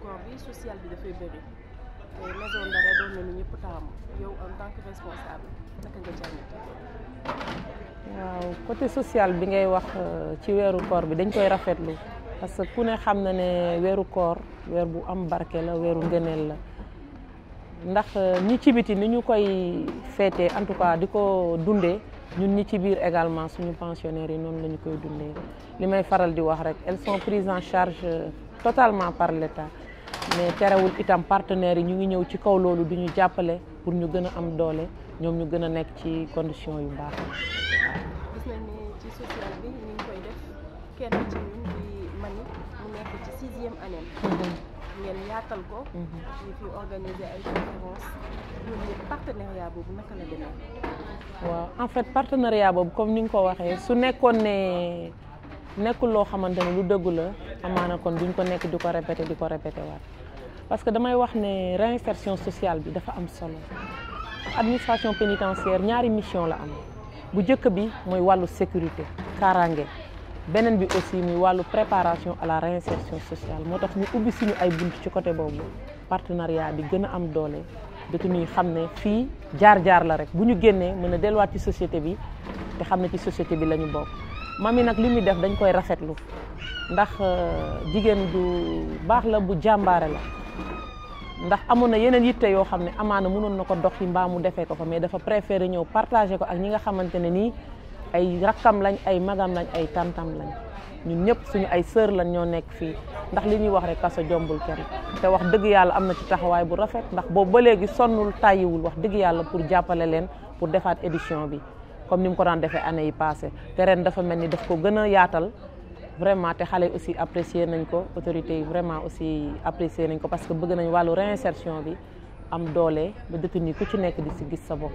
koor bi social bi dafay bëri te maison Ndara doon nañu ñëpp taam yow en tant que responsable naka nga jàngate waaw côté social bi ngay wax euh, ci wéru koor bi dañ koy rafetlu parce que ku ne xam na ne wéru koor weer bu am barké la wéru ngëneel la ndax euh, ñi ci biti ni ñu koy feetee en tout cas diko dundé ñun ñi ci biir également suñu pensionnaires yi noonu lañu koy dundee li may faral di wax rek elles sont prises en charge euh, totalement par l'État mais terewul itam partenaires yi ñu ngi ñëw ci kaw loolu duñu jàppale pour ñu gën a am doole ñoom ñu gën a nekk ci condition yu baax. gis ñu ngi koy def kenn ci ñun mu nekk ci sixième année. Mhm. ngeen yaatal ko. Mhm. ñu boobu naka la demee. waaw en fait partenariat boobu comme ni nga ko waxee su nekkoon ne nekkul loo xamante ne lu dëgg la. amana kon duñ ko nekk di ko répété di ko répété waat parce que damay wax ne réinsertion sociale bi dafa am solo administration pénitentiaire ñaari mission la am bu njëkk bi mooy wàllu sécurité kaaraange beneen bi aussi muy wàllu préparation à la réinsertion sociale moo tax ñu ubbi suñu ay bunt ci côté boobu partenariat bi gën a am doole dëkk yi xam ne fii jaar-jaar la rek bu ñu génnee mën a delluwaat ci société bi te xam ne ci société bi la ñu bokk mami nag li muy def dañ koy rafetlu ndax euh, jigéen ju baax la bu jàmbaare la ndax amoon na yeneen yitte yoo xam ne amaana mënoon na ko dox yi mbaam mu defee ko fa mais dafa préféré ñëw partagé ko ak ñi nga xamante ne nii ay rakkam lañ ay magam lañ ay tantam lañ ñun ñëpp suñu ay sœur lañ ñoo nekk fii ndax li ñuy wax rek kaso jombul kenn te wax dëgg yàlla am na ci taxawaay bu rafet ndax boobu ba léegi sonnul tàyyiwul wax dëgg yàlla pour jàppale leen pour defaat édition bi comme ni mu ko daan defee année yi passé te dafa mel ni daf ko gën a yaatal vraiment te xale yi aussi apprécier nañ ko autorité yi vraiment aussi apprécier nañ ko parce que bëgg nañ wàllu réinsertion bi am doole ba détenu ku ci nekk di si gis sa bopp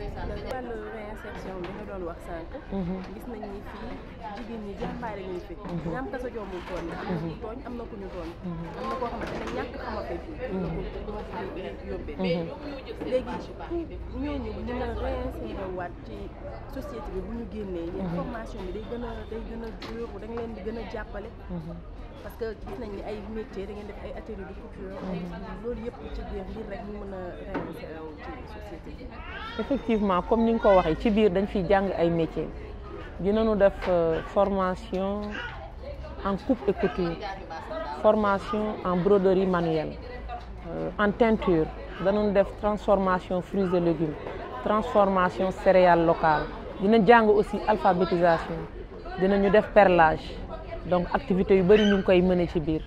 insertion bi nga doon wax sànq. Mhm. gis nañ ni jigéen ñi jàmbaare ñu fi. ñaam mhm. kasa joomul toon na. Mhm. am na ku am na ku ñu tooñ. am na koo xamante ne ñàkk xama fi. moo fi yóbbee. léegi pour ñooñu mën a réinsérer waat ci société bi bu ñu génnee. yéen formation bi day gën a day gën a jur leen di gën a jàppale. parce que gis nañ ni ay métier da ngeen def ay atelier de couture loolu yëpp ci biir lii rek ñu mën a ci société effectivement comme ni nga ko waxee ci biir dañ fiy jàng ay métier dinañu def euh, formation en coupe et couture formation en broderie manuelle euh, en teinture danañ def transformation fruits et légumes transformation céréales locales dina jàng aussi alphabétisation dinañu def perlage donc activité yu bari ñu ngi koy mëne ci biir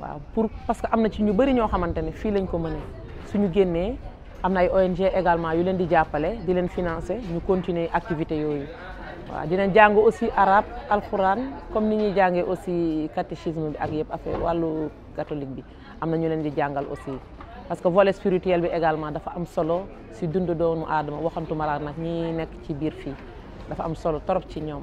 waaw pour parce que am na ci ñu bari ñoo xamantene fii lañ ko mëne suñu génnee am na ay ONG également yu leen di jàppale di leen financer ñu continuer activité yooyu waaw dinañ jàng aussi arabe alquran comme ni ñuy jàngee aussi catéchisme bi ak yëpp affaire wàllu catholique bi am na ñu leen di jàngal aussi parce que volet spirituel bi également dafa am solo si dund doomu aadama waxantuma la nag ñi nekk ci biir fii dafa am solo torop ci ñoom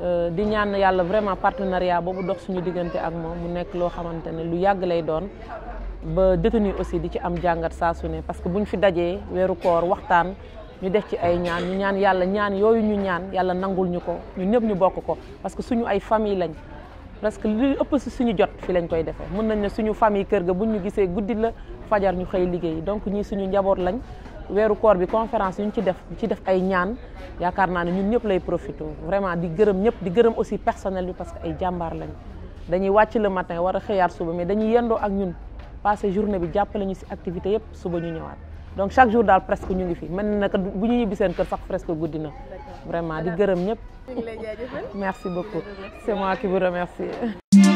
Euh, di ñaan yàlla vraiment partenariat boobu dox suñu diggante ak moom mu nekk loo xamante ne lu yàgg lay doon ba détenu aussi di ci am jàngat saa su ne parce que bu ñu fi dajee weeru koor waxtaan ñu def ci ay ñaan ñu ñaan yàlla ñaan yooyu ñu ñaan yàlla nangul ñu ko ñu ñëpp ñu bokk ko parce que suñu ay famille lañ parce que li ëpp si suñu jot fi lañ koy defee mën nañ ne suñu famille kër ga buñ ñu gisee guddi la fajar ñu xëy liggéey donc ñii suñu njaboot lañ wéru koor bi conférence yu ñu ci def ci def ay ñaan yaakaar naa ne ñun ñëpp lay profité vraiment di gërëm ñëpp di gërëm aussi personnel bi parce que ay jàmbaar lañ dañuy wàcc le matin war a xëyaat suba mais dañuy yendoo ak ñun passé journée bi jàppale ñu si activité yëpp suba ñu ñëwaat donc chaque jour daal presque ñu ngi fi mën na bu ñu ñibbi seen kër sax presque guddi na vraiment di gërëm ñëpp merci beaucoup c'est moi qui vous remercie